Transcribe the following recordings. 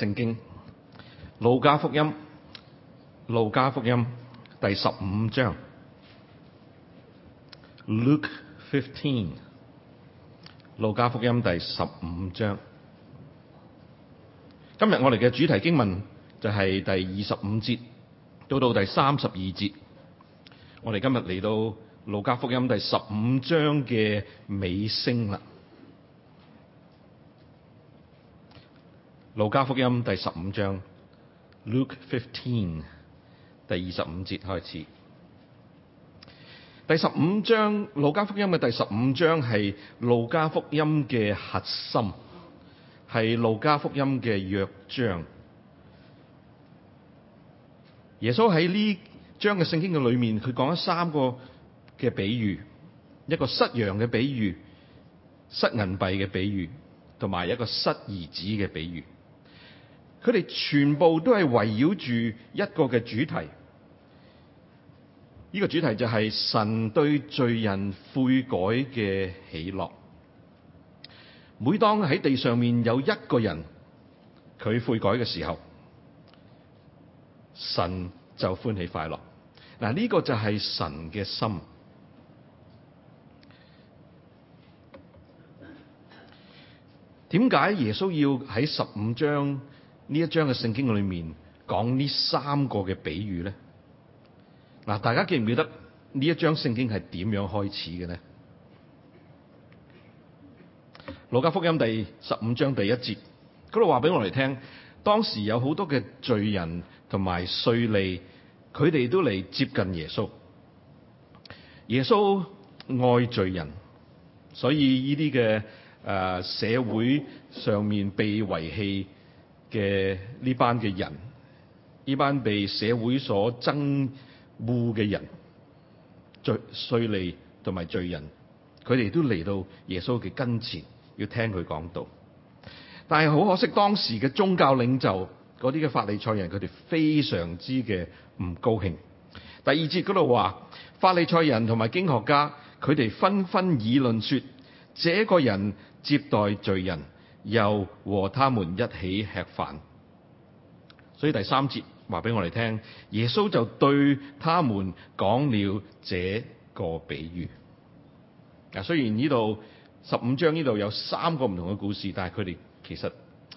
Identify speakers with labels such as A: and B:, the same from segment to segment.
A: 聖經《路加福音》《路加福音》第十五章《Luke 15》《路加福音》第十五章。今日我哋嘅主題經文就係第二十五節到到第三十二節。我哋今日嚟到《路加福音》第十五章嘅尾聲啦。路加福音第十五章，Luke fifteen 第二十五節開始。第十五章，路加福音嘅第十五章係路加福音嘅核心，係路加福音嘅約章。耶穌喺呢章嘅聖經嘅裏面，佢講咗三個嘅比喻：一個失羊嘅比喻、失銀幣嘅比喻，同埋一個失兒子嘅比喻。佢哋全部都係圍繞住一個嘅主題，呢個主題就係神對罪人悔改嘅喜樂。每當喺地上面有一個人，佢悔改嘅時候，神就歡喜快樂。嗱，呢個就係神嘅心。點解耶穌要喺十五章？呢一章嘅聖經裏面講呢三個嘅比喻呢，嗱，大家記唔記得呢一章聖經係點樣開始嘅呢？路加福音第十五章第一節，嗰度話俾我哋聽，當時有好多嘅罪人同埋稅吏，佢哋都嚟接近耶穌。耶穌愛罪人，所以呢啲嘅誒社會上面被遺棄。嘅呢班嘅人，呢班被社會所憎惡嘅人，罪、稅吏同埋罪人，佢哋都嚟到耶穌嘅跟前，要聽佢講道。但係好可惜，當時嘅宗教領袖嗰啲嘅法利賽人，佢哋非常之嘅唔高興。第二節嗰度話，法利賽人同埋經學家，佢哋紛紛議論說，這個人接待罪人。又和他們一起吃飯，所以第三節話俾我哋聽，耶穌就對他們講了這個比喻。雖然呢度十五章呢度有三個唔同嘅故事，但係佢哋其實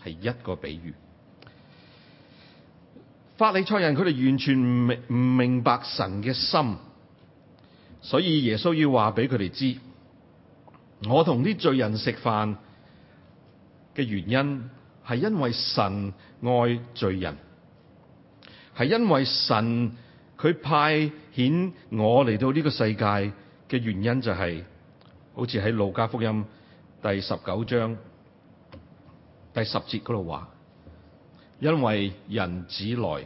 A: 係一個比喻。法利賽人佢哋完全唔唔明白神嘅心，所以耶穌要話俾佢哋知，我同啲罪人食飯。嘅原因係因為神愛罪人，係因為神佢派遣我嚟到呢個世界嘅原因就係、是、好似喺路加福音第十九章第十節嗰度話，因為人子來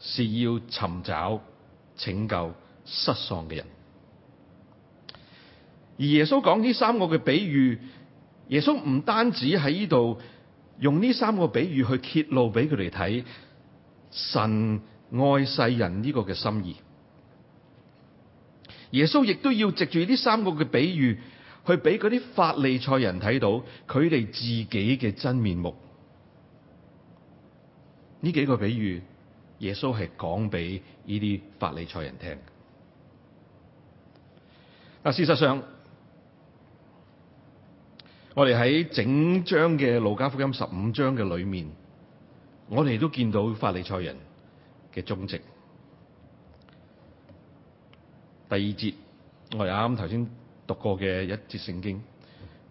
A: 是要尋找拯救失喪嘅人，而耶穌講呢三個嘅比喻。耶穌唔單止喺呢度用呢三個比喻去揭露俾佢哋睇神愛世人呢個嘅心意。耶穌亦都要藉住呢三個嘅比喻，去俾嗰啲法利賽人睇到佢哋自己嘅真面目。呢幾個比喻，耶穌係講俾呢啲法利賽人聽。但事實上，我哋喺整章嘅路加福音十五章嘅裏面，我哋都見到法利賽人嘅蹤跡。第二節，我哋啱啱頭先讀過嘅一節聖經。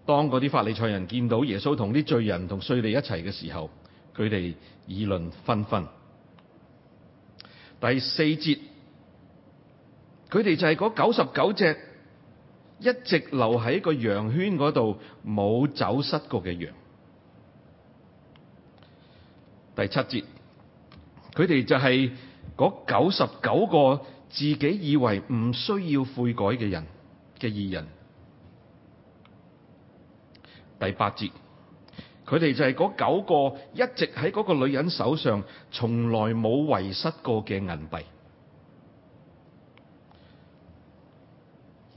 A: 當嗰啲法利賽人見到耶穌同啲罪人同稅吏一齊嘅時候，佢哋議論紛紛。第四節，佢哋就係嗰九十九隻。一直留喺個羊圈嗰度冇走失過嘅羊。第七節，佢哋就係嗰九十九個自己以為唔需要悔改嘅人嘅義人。第八節，佢哋就係嗰九個一直喺嗰個女人手上從來冇遺失過嘅銀幣。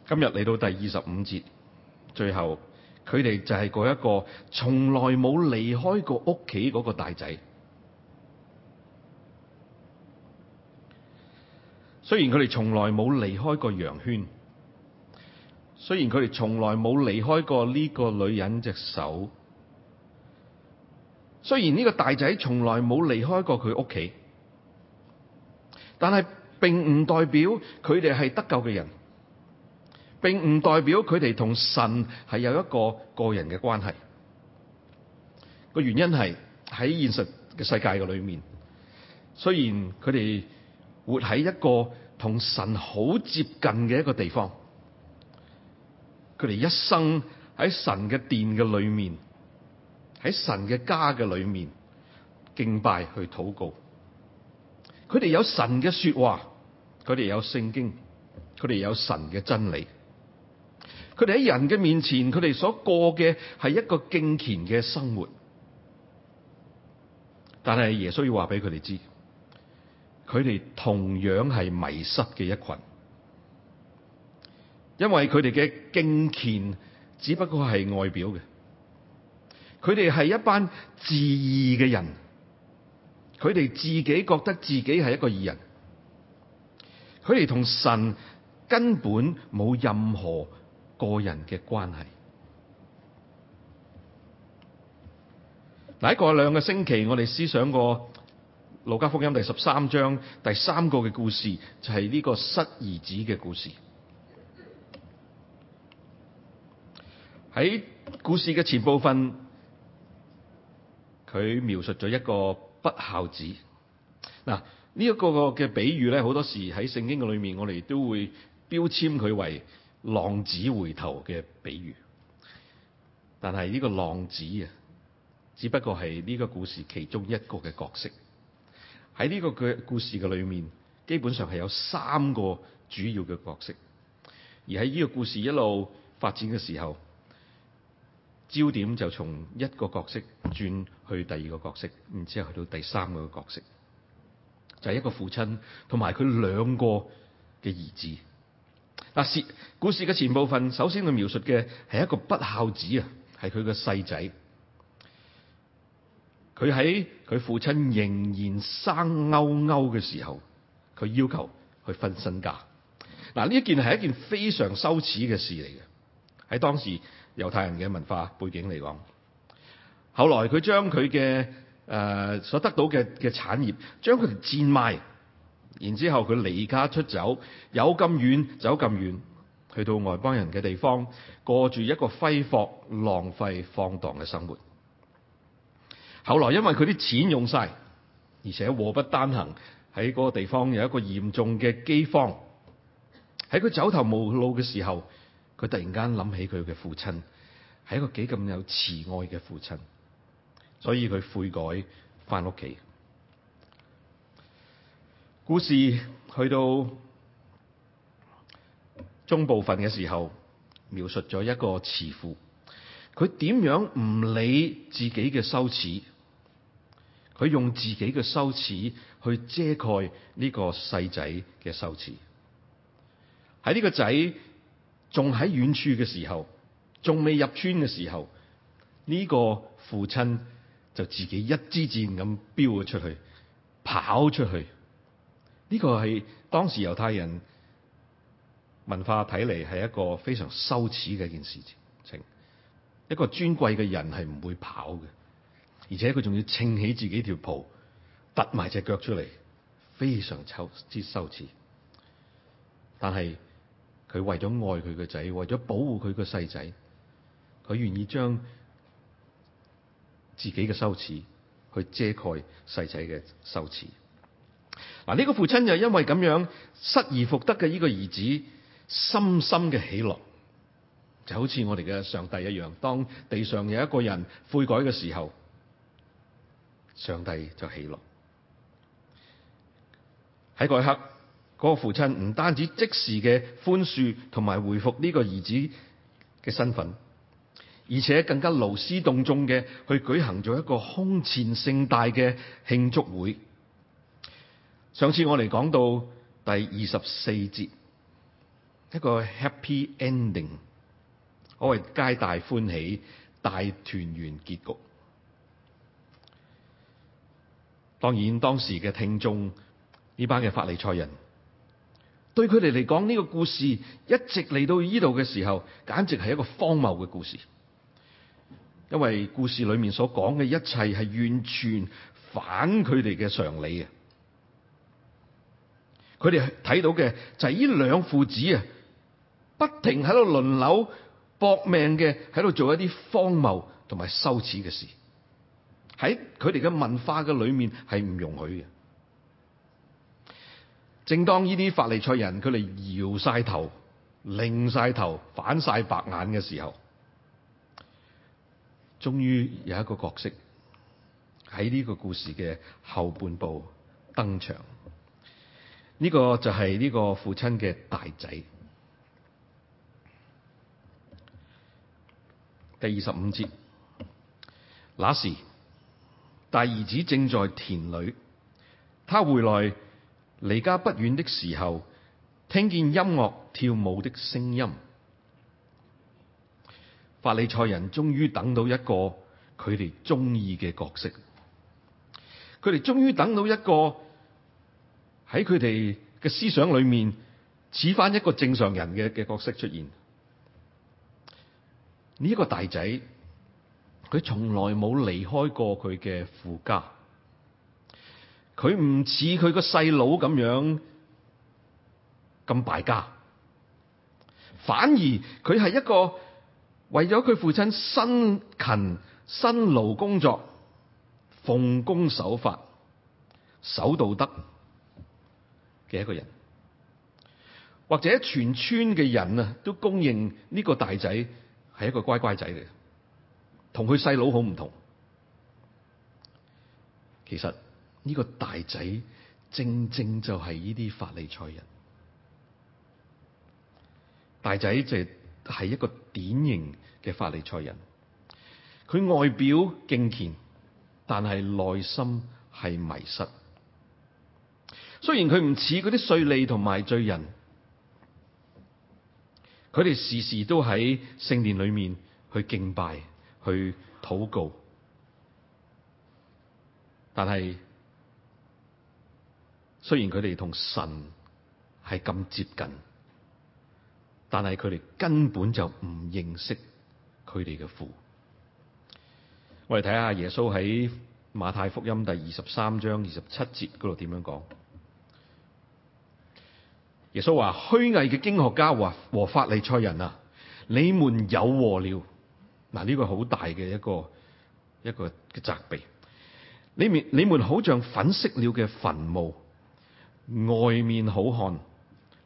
A: 今日嚟到第二十五節，最後佢哋就係嗰一個從來冇離開過屋企個大仔。雖然佢哋從來冇離開過羊圈，雖然佢哋從來冇離開過呢個女人隻手，雖然呢個大仔從來冇離開過佢屋企，但係並唔代表佢哋係得救嘅人。並唔代表佢哋同神係有一個個人嘅關係。個原因係喺現實嘅世界嘅裏面，雖然佢哋活喺一個同神好接近嘅一個地方，佢哋一生喺神嘅殿嘅裏面，喺神嘅家嘅裏面敬拜去禱告。佢哋有神嘅說話，佢哋有聖經，佢哋有神嘅真理。佢哋喺人嘅面前，佢哋所過嘅係一個敬虔嘅生活，但係耶穌要話俾佢哋知，佢哋同樣係迷失嘅一群，因為佢哋嘅敬虔只不過係外表嘅，佢哋係一班自義嘅人，佢哋自己覺得自己係一個義人，佢哋同神根本冇任何。個人嘅關係。喺過去兩個星期，我哋思想過《路加福音》第十五章第三個嘅故事，就係、是、呢個失兒子嘅故事。喺故事嘅前部分，佢描述咗一個不孝子。嗱，呢、這、一個嘅比喻咧，好多時喺聖經嘅裏面，我哋都會標籤佢為。浪子回頭嘅比喻，但係呢個浪子啊，只不過係呢個故事其中一個嘅角色。喺呢個嘅故事嘅裏面，基本上係有三個主要嘅角色。而喺呢個故事一路發展嘅時候，焦點就從一個角色轉去第二個角色，然之後去到第三個角色，就係一個父親同埋佢兩個嘅兒子。嗱，故事嘅前部分，首先佢描述嘅係一個不孝子啊，係佢嘅細仔，佢喺佢父親仍然生勾勾嘅時候，佢要求去分身家。嗱，呢一件係一件非常羞恥嘅事嚟嘅，喺當時猶太人嘅文化背景嚟講。後來佢將佢嘅誒所得到嘅嘅產業，將佢哋賤賣。然之後佢離家出走，有咁遠，走咁遠，去到外邦人嘅地方，過住一個揮霍、浪費、放蕩嘅生活。後來因為佢啲錢用曬，而且禍不單行，喺嗰個地方有一個嚴重嘅饑荒。喺佢走投無路嘅時候，佢突然間諗起佢嘅父親，係一個幾咁有慈愛嘅父親，所以佢悔改翻屋企。故事去到中部分嘅時候，描述咗一個慈父，佢點樣唔理自己嘅羞恥，佢用自己嘅羞恥去遮蓋呢個細仔嘅羞恥。喺呢個仔仲喺遠處嘅時候，仲未入村嘅時候，呢個父親就自己一支箭咁飆咗出去，跑出去。呢個係當時猶太人文化睇嚟係一個非常羞恥嘅一件事情，一個尊貴嘅人係唔會跑嘅，而且佢仲要撐起自己條袍，凸埋隻腳出嚟，非常羞之羞恥。但係佢為咗愛佢個仔，為咗保護佢個細仔，佢願意將自己嘅羞恥去遮蓋細仔嘅羞恥。嗱呢個父親又因為咁樣失而復得嘅呢個兒子，深深嘅喜樂，就好似我哋嘅上帝一樣。當地上有一個人悔改嘅時候，上帝就喜樂。喺嗰一刻，嗰個父親唔單止即時嘅寬恕同埋回復呢個兒子嘅身份，而且更加勞師動眾嘅去舉行咗一個空前盛大嘅慶祝會。上次我哋講到第二十四節，一個 happy ending，可謂皆大歡喜、大團圓結局。當然當時嘅聽眾，呢班嘅法利賽人，對佢哋嚟講呢個故事一直嚟到呢度嘅時候，簡直係一個荒謬嘅故事，因為故事裏面所講嘅一切係完全反佢哋嘅常理嘅。佢哋睇到嘅就係呢兩父子啊，不停喺度輪流搏命嘅，喺度做一啲荒謬同埋羞恥嘅事。喺佢哋嘅文化嘅裏面係唔容許嘅。正當呢啲法利賽人，佢哋搖晒頭、擰晒頭、反晒白眼嘅時候，終於有一個角色喺呢個故事嘅後半部登場。呢個就係呢個父親嘅大仔，第二十五節。那時，大兒子正在田裏，他回來離家不遠的時候，聽見音樂跳舞的聲音。法利賽人終於等到一個佢哋中意嘅角色，佢哋終於等到一個。喺佢哋嘅思想裏面，似翻，一個正常人嘅嘅角色出現。呢個大仔，佢從來冇離開過佢嘅父家，佢唔似佢個細佬咁樣咁敗家，反而佢係一個為咗佢父親辛勤辛勞工作、奉公守法、守道德。嘅一個人，或者全村嘅人啊，都公認呢個大仔係一個乖乖仔嚟，同佢細佬好唔同。其實呢個大仔正正就係呢啲法利賽人，大仔就係一個典型嘅法利賽人，佢外表敬虔，但係內心係迷失。雖然佢唔似嗰啲稅吏同埋罪人，佢哋時時都喺聖殿裏面去敬拜、去禱告，但係雖然佢哋同神係咁接近，但係佢哋根本就唔認識佢哋嘅父。我哋睇下耶穌喺馬太福音第二十三章二十七節嗰度點樣講。耶穌話：虛偽嘅經學家話和法利賽人啊，你們有禍了！嗱，呢個好大嘅一個一個嘅責備。你面你們好像粉飾了嘅墳墓，外面好看，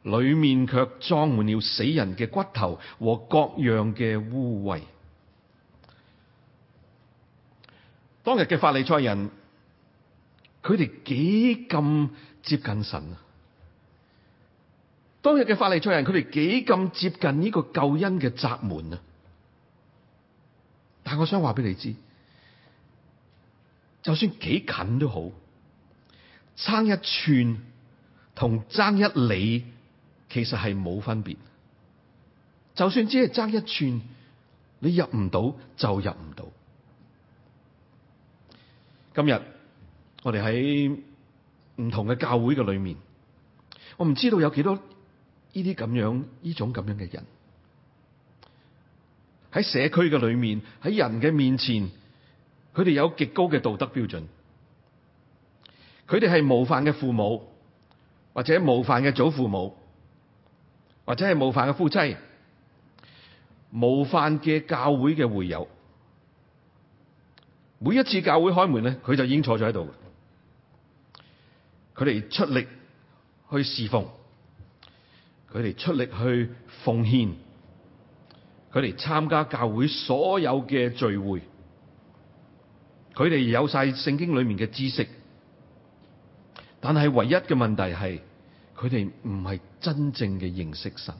A: 裏面卻裝滿了死人嘅骨頭和各樣嘅污穢。當日嘅法利賽人，佢哋幾咁接近神啊！當日嘅法利賽人，佢哋幾咁接近呢個救恩嘅閘門啊！但係我想話俾你知，就算幾近都好，爭一寸同爭一里，其實係冇分別。就算只係爭一寸，你入唔到就入唔到。今日我哋喺唔同嘅教會嘅裏面，我唔知道有幾多。呢啲咁樣、呢種咁樣嘅人，喺社區嘅裏面，喺人嘅面前，佢哋有極高嘅道德標準。佢哋係模範嘅父母，或者模範嘅祖父母，或者係模範嘅夫妻，模範嘅教會嘅會友。每一次教會開門咧，佢就已經坐咗喺度。佢哋出力去侍奉。佢哋出力去奉獻，佢哋參加教會所有嘅聚會，佢哋有晒聖經裏面嘅知識，但係唯一嘅問題係佢哋唔係真正嘅認識神，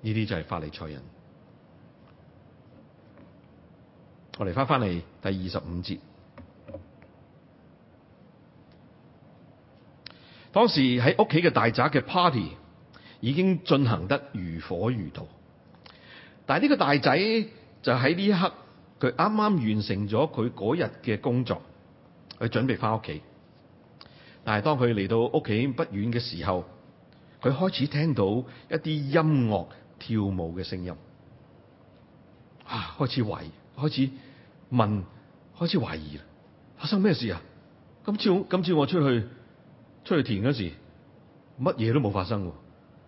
A: 呢啲就係法利賽人。我哋翻返嚟，第二十五節。當時喺屋企嘅大宅嘅 party 已經進行得如火如荼，但係呢個大仔就喺呢一刻，佢啱啱完成咗佢嗰日嘅工作，佢準備翻屋企。但係當佢嚟到屋企不遠嘅時候，佢開始聽到一啲音樂跳舞嘅聲音，啊，開始懷疑，開始問，開始懷疑，發生咩事啊？今次今次我出去。出去田嗰時，乜嘢都冇發生。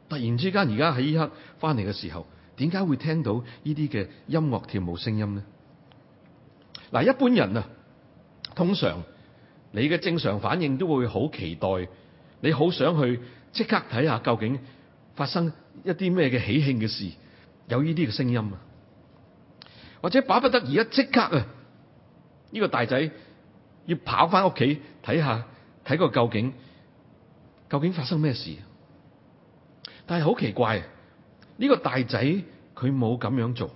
A: 突然之間，而家喺依刻翻嚟嘅時候，點解會聽到呢啲嘅音樂跳舞聲音呢？嗱，一般人啊，通常你嘅正常反應都會好期待，你好想去即刻睇下究竟發生一啲咩嘅喜慶嘅事，有呢啲嘅聲音啊，或者巴不得而家即刻啊，呢、這個大仔要跑翻屋企睇下，睇個究竟。究竟發生咩事？但係好奇怪，呢、這個大仔佢冇咁樣做。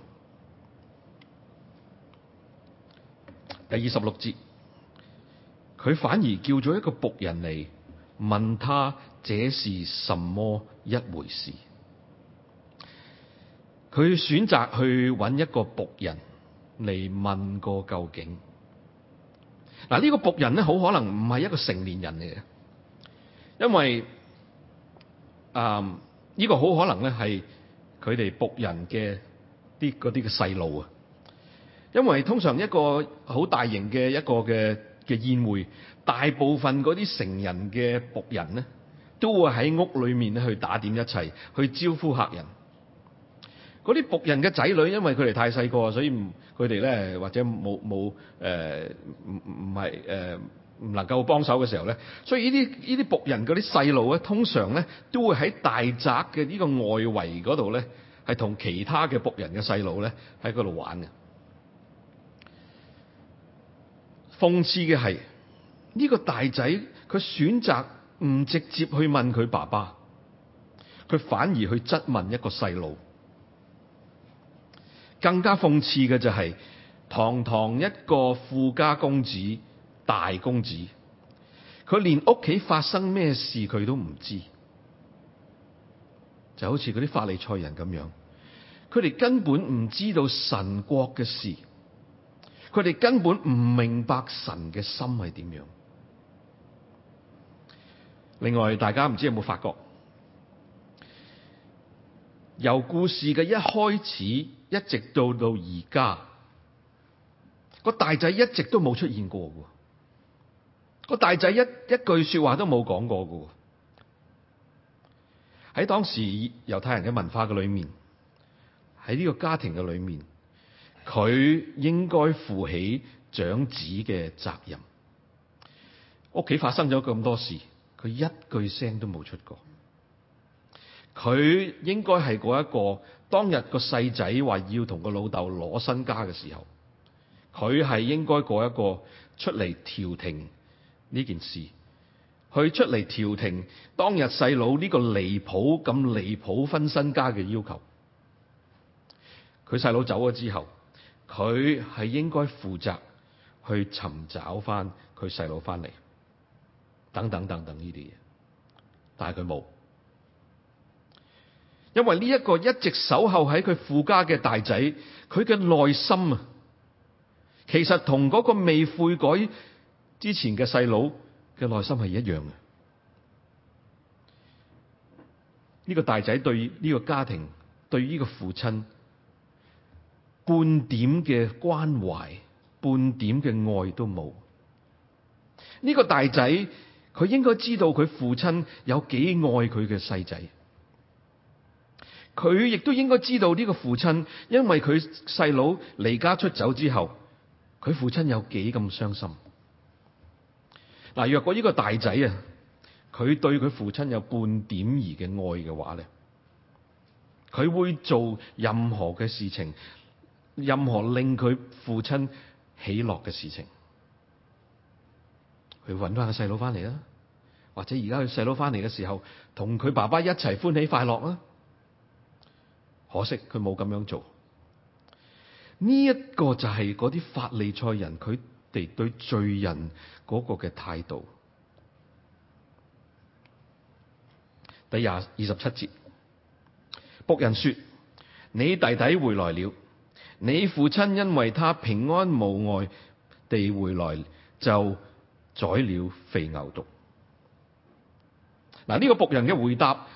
A: 第二十六節，佢反而叫咗一個僕人嚟問他這是什麼一回事？佢選擇去揾一個僕人嚟問個究竟。嗱，呢個僕人咧，好可能唔係一個成年人嚟嘅。因為啊，呢、嗯，這個好可能咧，係佢哋僕人嘅啲嗰啲嘅細路啊。因為通常一個好大型嘅一個嘅嘅宴會，大部分嗰啲成人嘅僕人咧，都會喺屋裏面去打點一切，去招呼客人。嗰啲僕人嘅仔女，因為佢哋太細個，所以唔佢哋咧，或者冇冇誒，唔唔係誒。呃唔能夠幫手嘅時候呢，所以呢啲呢啲僕人嗰啲細路咧，通常呢都會喺大宅嘅呢個外圍嗰度呢，係同其他嘅僕人嘅細路呢喺嗰度玩嘅。諷刺嘅係呢個大仔，佢選擇唔直接去問佢爸爸，佢反而去質問一個細路。更加諷刺嘅就係堂堂一個富家公子。大公子，佢連屋企發生咩事佢都唔知，就好似嗰啲法利賽人咁樣，佢哋根本唔知道神國嘅事，佢哋根本唔明白神嘅心係點樣。另外，大家唔知有冇發覺，由故事嘅一開始，一直到到而家，個大仔一直都冇出現過喎。個大仔一一句說話都冇講過嘅喎，喺當時猶太人嘅文化嘅裏面，喺呢個家庭嘅裏面，佢應該負起長子嘅責任。屋企發生咗咁多事，佢一句聲都冇出過。佢應該係嗰一個當日個細仔話要同個老豆攞身家嘅時候，佢係應該嗰一個出嚟調停。呢件事，佢出嚟調停當日細佬呢個離譜咁離譜分身家嘅要求。佢細佬走咗之後，佢係應該負責去尋找翻佢細佬翻嚟，等等等等呢啲嘢。但係佢冇，因為呢一個一直守候喺佢父家嘅大仔，佢嘅內心啊，其實同嗰個未悔改。之前嘅細佬嘅內心係一樣嘅。呢個大仔對呢個家庭、對呢個父親，半點嘅關懷、半點嘅愛都冇。呢個大仔佢應該知道佢父親有幾愛佢嘅細仔，佢亦都應該知道呢個父親因為佢細佬離家出走之後，佢父親有幾咁傷心。嗱，若果呢個大仔啊，佢對佢父親有半點兒嘅愛嘅話咧，佢會做任何嘅事情，任何令佢父親喜樂嘅事情，去揾翻個細佬翻嚟啦，或者而家佢細佬翻嚟嘅時候，同佢爸爸一齊歡喜快樂啦。可惜佢冇咁樣做，呢一個就係嗰啲法利賽人佢地對罪人嗰個嘅態度。第廿二十七節，僕人說：你弟弟回來了，你父親因為他平安無礙地回來，就宰了肥牛犢。嗱，呢個僕人嘅回答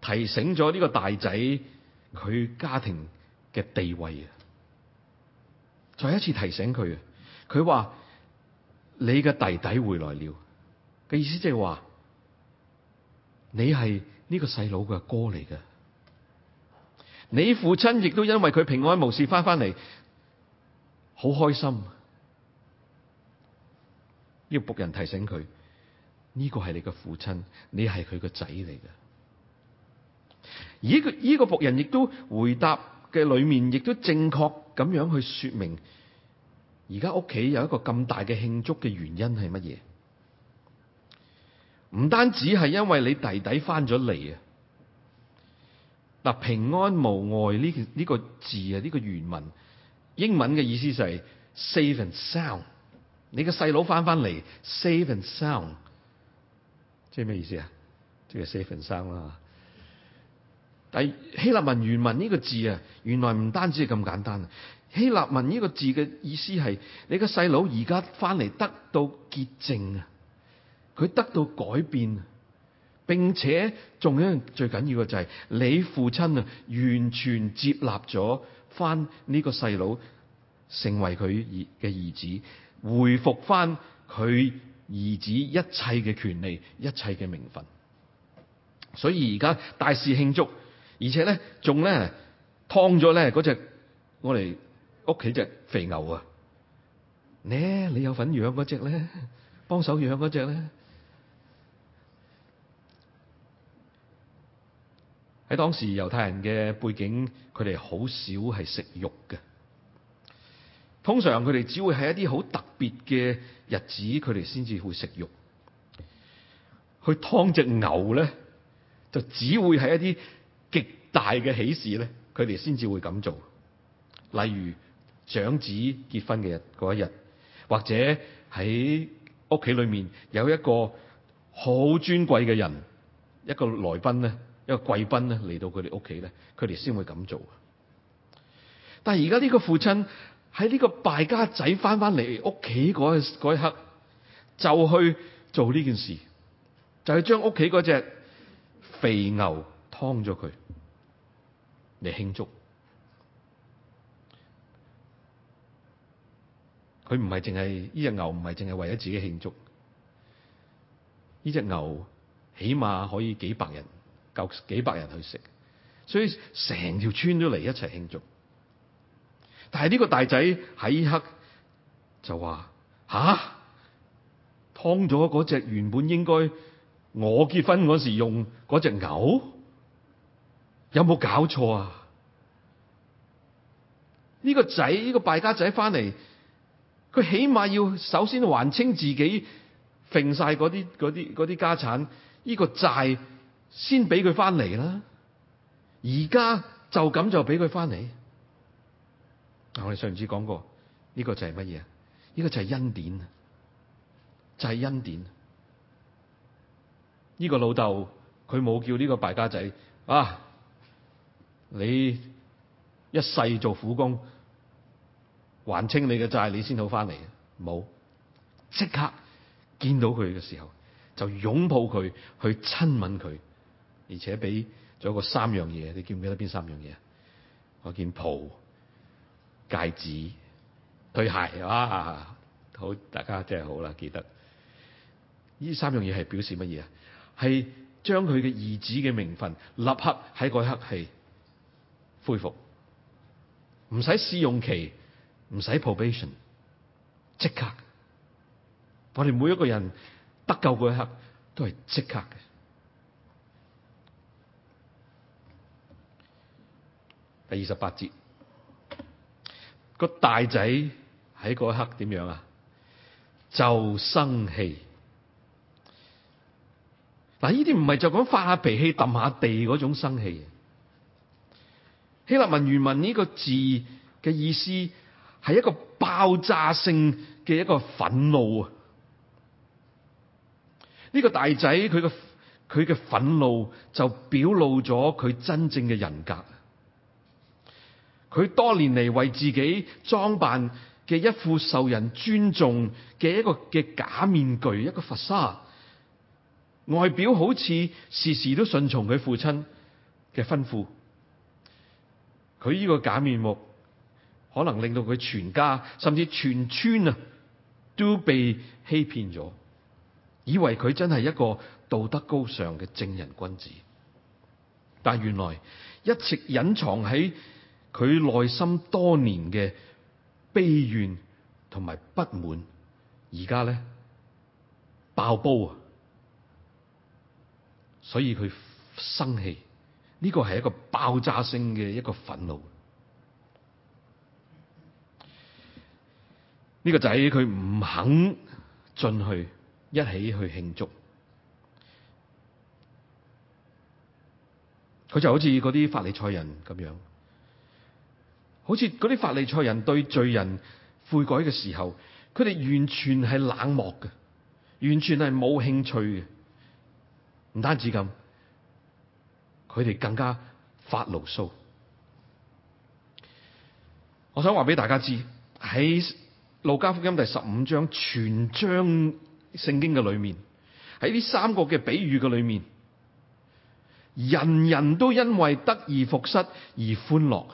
A: 提醒咗呢個大仔佢家庭嘅地位啊！再一次提醒佢啊，佢話。你嘅弟弟回來了嘅意思即係話，你係呢個細佬嘅哥嚟嘅。你父親亦都因為佢平安無事翻翻嚟，好開心。呢個僕人提醒佢，呢個係你嘅父親，你係佢個仔嚟嘅。而呢個呢個僕人亦都回答嘅裏面，亦都正確咁樣去說明。而家屋企有一個咁大嘅慶祝嘅原因係乜嘢？唔單止係因為你弟弟翻咗嚟啊！嗱，平安無礙呢？呢個字啊，呢、呢個原文英文嘅意思就係 safe and sound 你弟弟。你個細佬翻翻嚟，safe and sound，即係咩意思啊？即係 safe and sound 啦。但希臘文原文呢個字啊，原來唔單止係咁簡單。希臘文呢個字嘅意思係你個細佬而家翻嚟得到潔淨啊，佢得到改變，並且仲有樣最緊要嘅就係你父親啊完全接納咗翻呢個細佬成為佢嘅兒子，回復翻佢兒子一切嘅權利、一切嘅名分。所以而家大肆慶祝，而且呢仲呢，劏咗呢嗰隻我哋。屋企隻肥牛啊！咧，你有份養嗰隻咧，幫手養嗰隻咧。喺當時猶太人嘅背景，佢哋好少係食肉嘅。通常佢哋只會喺一啲好特別嘅日子，佢哋先至會食肉。去劏隻牛咧，就只會係一啲極大嘅喜事咧，佢哋先至會咁做。例如。長子結婚嘅日嗰一日，或者喺屋企裏面有一個好尊貴嘅人，一個來賓咧，一個貴賓咧嚟到佢哋屋企咧，佢哋先會咁做。但係而家呢個父親喺呢個敗家仔翻翻嚟屋企嗰一刻，就去做呢件事，就係將屋企嗰隻肥牛劏咗佢嚟慶祝。佢唔係淨係呢隻牛，唔係淨係為咗自己慶祝。呢隻牛起碼可以幾百人夠幾百人去食，所以成條村都嚟一齊慶祝。但係呢個大仔喺呢刻就話：吓、啊，劏咗嗰隻原本應該我結婚嗰時用嗰隻牛，有冇搞錯啊？呢、這個仔呢、這個敗家仔翻嚟。佢起碼要首先還清自己揈晒嗰啲啲啲家產，呢個債先俾佢翻嚟啦。而家就咁就俾佢翻嚟？我哋上次講過，呢個就係乜嘢？呢個就係恩典啊！就係恩典。呢個老豆佢冇叫呢個敗家仔啊！你一世做苦工。還清你嘅債，你先好翻嚟。冇即刻見到佢嘅時候，就擁抱佢，去親吻佢，而且俾咗個三樣嘢。你記唔記得邊三樣嘢啊？嗰件袍、戒指、對鞋，啊，好，大家真係好啦，記得呢三樣嘢係表示乜嘢啊？係將佢嘅兒子嘅名分立刻喺嗰刻起恢復，唔使試用期。唔使 probation，即刻。我哋每一個人得救嗰一刻都係即刻嘅。第二十八節，個大仔喺嗰一刻點樣啊？就生氣。嗱，呢啲唔係就咁發下脾氣、揼下地嗰種生氣。希臘文原文呢個字嘅意思。係一個爆炸性嘅一個憤怒啊！呢、這個大仔佢嘅佢嘅憤怒就表露咗佢真正嘅人格。佢多年嚟為自己裝扮嘅一副受人尊重嘅一個嘅假面具，一個佛沙外表好似事事都順從佢父親嘅吩咐，佢呢個假面目。可能令到佢全家甚至全村啊都被欺騙咗，以為佢真係一個道德高尚嘅正人君子，但原來一直隱藏喺佢內心多年嘅悲怨同埋不滿，而家咧爆煲啊！所以佢生氣，呢個係一個爆炸性嘅一個憤怒。呢個仔佢唔肯進去，一起去慶祝。佢就好似嗰啲法利賽人咁樣，好似嗰啲法利賽人對罪人悔改嘅時候，佢哋完全係冷漠嘅，完全係冇興趣嘅。唔單止咁，佢哋更加發牢騷。我想話俾大家知喺。路加福音第十五章全章聖經嘅裏面，喺呢三個嘅比喻嘅裏面，人人都因為得而復失而歡樂。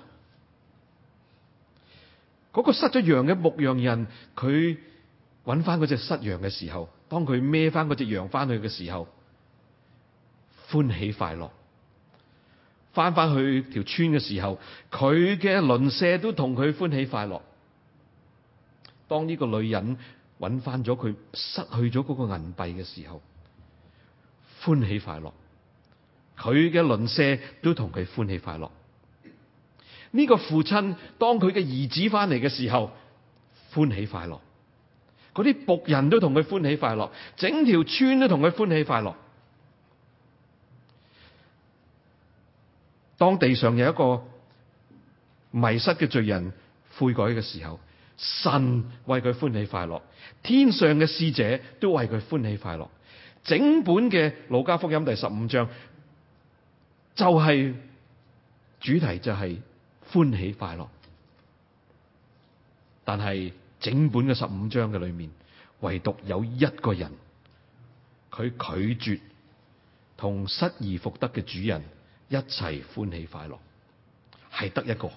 A: 嗰個失咗羊嘅牧羊人，佢揾翻隻失羊嘅時候，當佢孭翻隻羊翻去嘅時候，歡喜快樂。翻翻去條村嘅時候，佢嘅鄰舍都同佢歡喜快樂。當呢個女人揾翻咗佢失去咗嗰個銀幣嘅時候，歡喜快樂；佢嘅鄰舍都同佢歡喜快樂。呢、這個父親當佢嘅兒子翻嚟嘅時候，歡喜快樂；嗰啲僕人都同佢歡喜快樂，整條村都同佢歡喜快樂。當地上有一個迷失嘅罪人悔改嘅時候。神為佢歡喜快樂，天上嘅使者都為佢歡喜快樂。整本嘅《路加福音》第十五章就係主題，就係歡喜快樂。但係整本嘅十五章嘅裏面，唯獨有一個人，佢拒絕同失而復得嘅主人一齊歡喜快樂，係得一個。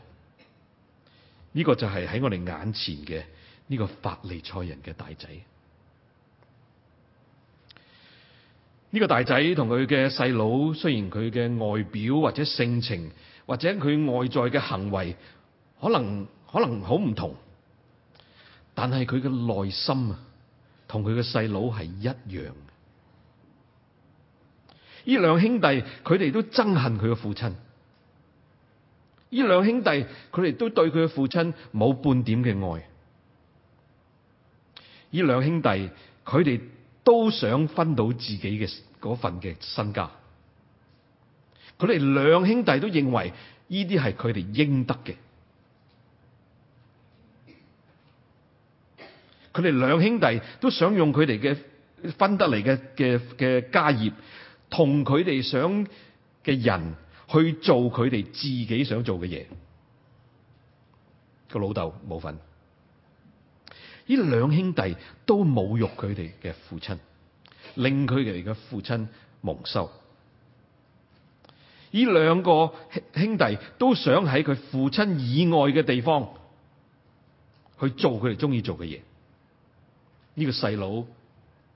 A: 呢個就係喺我哋眼前嘅呢個法利賽人嘅大仔。呢個大仔同佢嘅細佬，雖然佢嘅外表或者性情或者佢外在嘅行為，可能可能好唔同，但係佢嘅內心啊，同佢嘅細佬係一樣。呢兩兄弟，佢哋都憎恨佢嘅父親。呢兩兄弟，佢哋都對佢嘅父親冇半點嘅愛。呢兩兄弟，佢哋都想分到自己嘅嗰份嘅身家。佢哋兩兄弟都認為呢啲係佢哋應得嘅。佢哋兩兄弟都想用佢哋嘅分得嚟嘅嘅嘅家業，同佢哋想嘅人，去做佢哋自己想做嘅嘢，個老豆冇份。呢兩兄弟都侮辱佢哋嘅父親，令佢哋嘅父親蒙羞。呢兩個兄弟都想喺佢父親以外嘅地方去做佢哋中意做嘅嘢。呢、這個細佬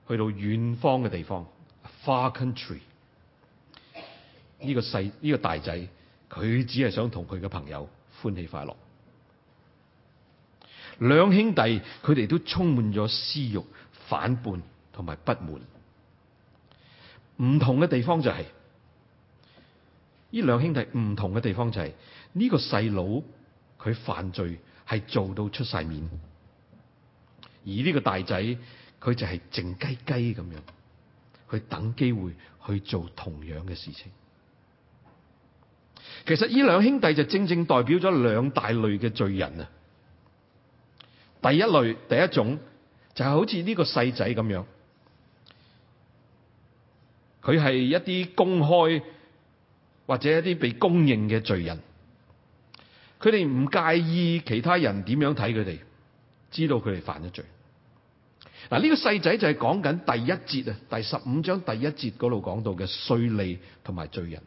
A: 去到遠方嘅地方，a far country。呢個細呢個大仔，佢只係想同佢嘅朋友歡喜快樂。兩兄弟佢哋都充滿咗私欲、反叛同埋不滿。唔同嘅地方就係呢兩兄弟唔同嘅地方就係呢個細佬佢犯罪係做到出晒面，而呢個大仔佢就係靜雞雞咁樣去等機會去做同樣嘅事情。其實呢兩兄弟就正正代表咗兩大類嘅罪人啊！第一類，第一種就係好似呢個細仔咁樣，佢係一啲公開或者一啲被公認嘅罪人，佢哋唔介意其他人點樣睇佢哋，知道佢哋犯咗罪。嗱，呢個細仔就係講緊第一節啊，第十五章第一節嗰度講到嘅稅吏同埋罪人。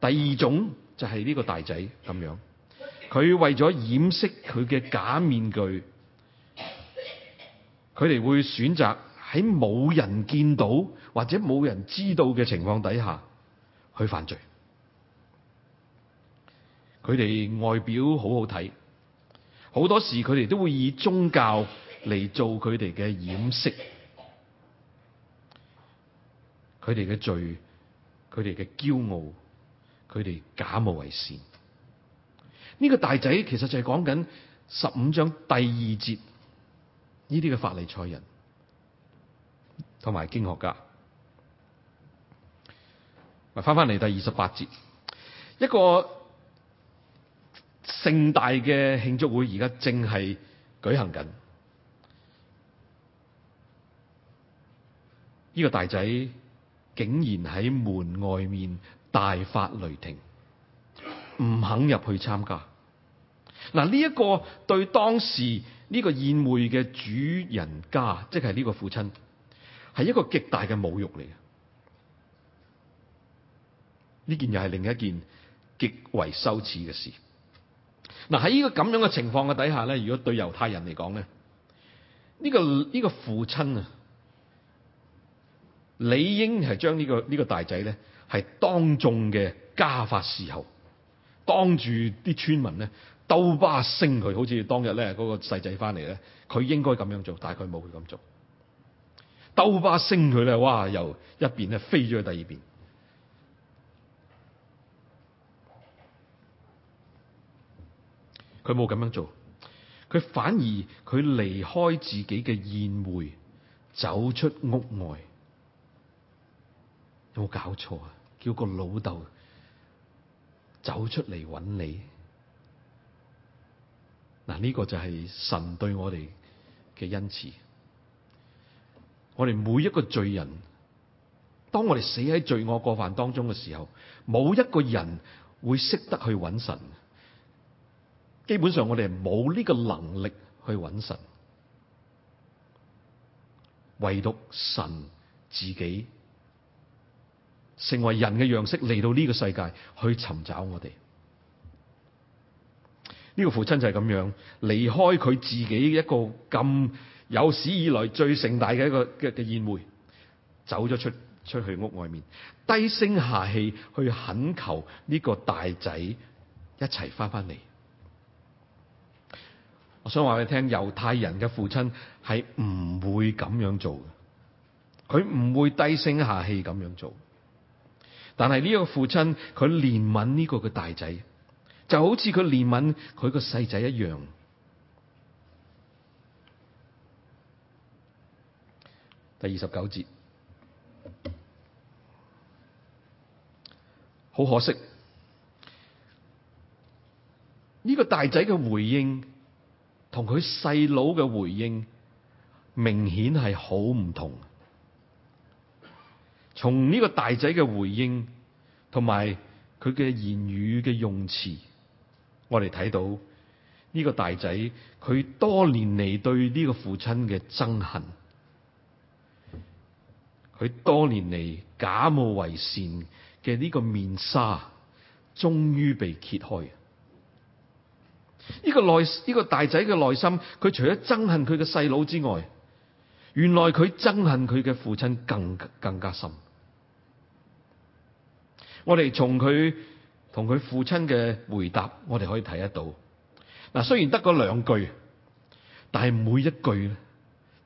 A: 第二種就係呢個大仔咁樣，佢為咗掩飾佢嘅假面具，佢哋會選擇喺冇人見到或者冇人知道嘅情況底下，去犯罪。佢哋外表好好睇，好多時佢哋都會以宗教嚟做佢哋嘅掩飾，佢哋嘅罪，佢哋嘅驕傲。佢哋假冒為善，呢、這個大仔其實就係講緊十五章第二節呢啲嘅法利賽人同埋經學家。咪翻翻嚟第二十八節，一個盛大嘅慶祝會而家正係舉行緊，呢、這個大仔竟然喺門外面。大發雷霆，唔肯入去參加。嗱，呢一個對當時呢個宴會嘅主人家，即係呢個父親，係一個極大嘅侮辱嚟嘅。呢件又係另一件極為羞恥嘅事。嗱、呃，喺呢個咁樣嘅情況嘅底下咧，如果對猶太人嚟講咧，呢、呢個呢、呢個父親啊，理應係將呢個呢、呢個大仔咧，係當眾嘅家法侍候，當住啲村民咧，兜巴星佢，好似當日咧個細仔翻嚟咧，佢應該咁樣做，但係佢冇咁做，兜巴星佢咧，哇，由一邊咧飛咗去第二邊，佢冇咁樣做，佢反而佢離開自己嘅宴會，走出屋外，有冇搞錯啊？叫個老豆走出嚟搵你，嗱、這、呢個就係神對我哋嘅恩慈。我哋每一個罪人，當我哋死喺罪惡過犯當中嘅時候，冇一個人會識得去搵神。基本上我哋冇呢個能力去搵神，唯獨神自己。成為人嘅樣式，嚟到呢個世界去尋找我哋。呢個父親就係咁樣，離開佢自己一個咁有史以來最盛大嘅一個嘅嘅宴會，走咗出出去屋外面，低聲下氣去懇求呢個大仔一齊翻返嚟。我想話你聽，猶太人嘅父親係唔會咁樣做嘅，佢唔會低聲下氣咁樣做。但係呢個父親，佢憐憫呢個嘅大仔，就好似佢憐憫佢個細仔一樣。第二十九節，好可惜，呢個大仔嘅回應同佢細佬嘅回應，明顯係好唔同。從呢個大仔嘅回應同埋佢嘅言語嘅用詞，我哋睇到呢、這個大仔佢多年嚟對呢個父親嘅憎恨，佢多年嚟假冒為善嘅呢個面紗，終於被揭開。呢個內呢個大仔嘅內心，佢除咗憎恨佢嘅細佬之外，原來佢憎恨佢嘅父親更更加深。我哋從佢同佢父親嘅回答，我哋可以睇得到。嗱，雖然得嗰兩句，但係每一句咧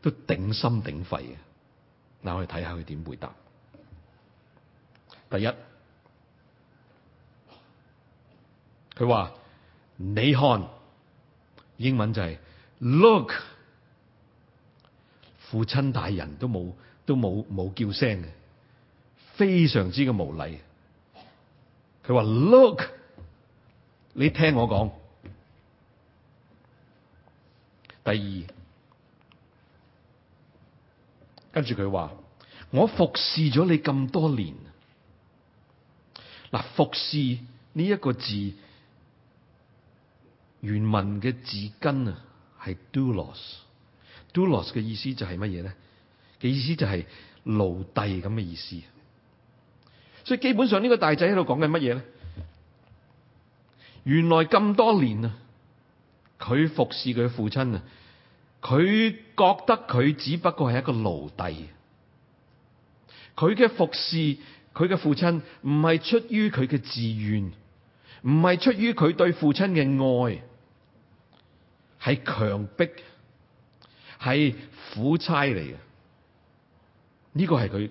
A: 都頂心頂肺嘅。嗱，我哋睇下佢點回答。第一，佢話：你看，英文就係 look。父親大人都冇，都冇冇叫聲嘅，非常之嘅無禮。佢話 Look，你聽我講。第二，跟住佢話我服侍咗你咁多年。嗱，服侍呢一個字原文嘅字根啊，係 doulos，doulos 嘅意思就係乜嘢咧？嘅意思就係奴隸咁嘅意思。最基本上呢個大仔喺度講緊乜嘢咧？原來咁多年啊，佢服侍佢父親啊，佢覺得佢只不過係一個奴隸，佢嘅服侍佢嘅父親唔係出於佢嘅自願，唔係出於佢對父親嘅愛，係強迫，係苦差嚟嘅。呢個係佢。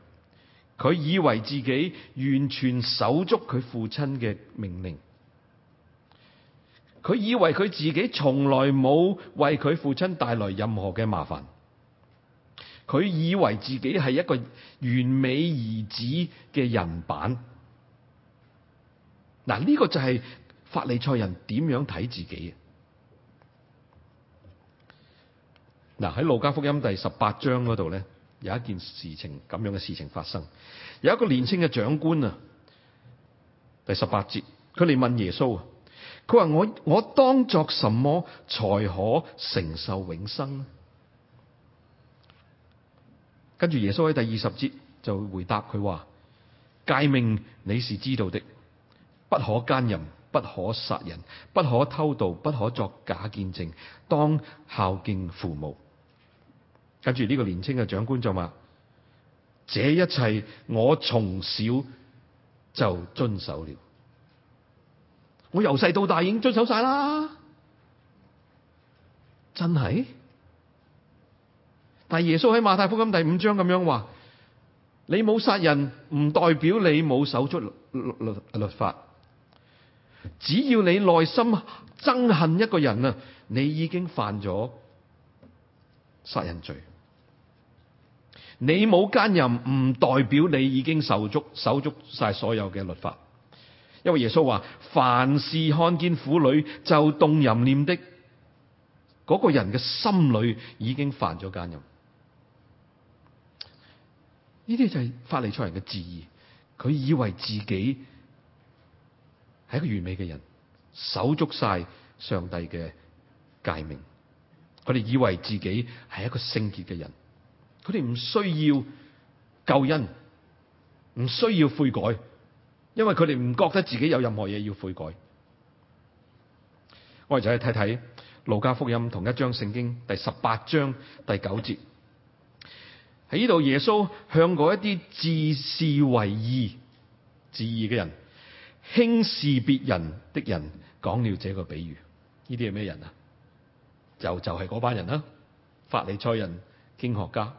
A: 佢以為自己完全守足佢父親嘅命令，佢以為佢自己從來冇為佢父親帶來任何嘅麻煩，佢以為自己係一個完美兒子嘅人版。嗱，呢個就係法利賽人點樣睇自己啊。嗱，喺路加福音第十八章嗰度咧。有一件事情咁樣嘅事情發生，有一個年輕嘅長官啊，第十八節，佢嚟問耶穌啊，佢話，我我當作什麼才可承受永生呢？跟住耶穌喺第二十節就回答佢話：戒命你是知道的，不可奸淫，不可殺人，不可偷盜，不可作假見證，當孝敬父母。跟住呢個年青嘅長官就話：這一切我從小就遵守了，我由細到大已經遵守晒啦，真係。但係耶穌喺馬太福音第五章咁樣話：你冇殺人唔代表你冇守足律法，只要你內心憎恨一個人啊，你已經犯咗殺人罪。你冇奸淫，唔代表你已經守足守足晒所有嘅律法，因為耶穌話：凡是看見婦女就動淫念的，嗰個人嘅心裏已經犯咗奸淫。呢啲就係法利賽人嘅自義，佢以為自己係一個完美嘅人，守足晒上帝嘅誡命，佢哋以為自己係一個聖潔嘅人。佢哋唔需要救恩，唔需要悔改，因為佢哋唔覺得自己有任何嘢,要悔改。我哋就去睇睇《路加福音》同一章聖經第十八章第九節，喺呢度耶穌向嗰一啲自視為義、自義嘅人、輕視別人的人講了這個比喻。呢啲係咩人啊？就就係嗰班人啦，啊，法利賽人、經學家。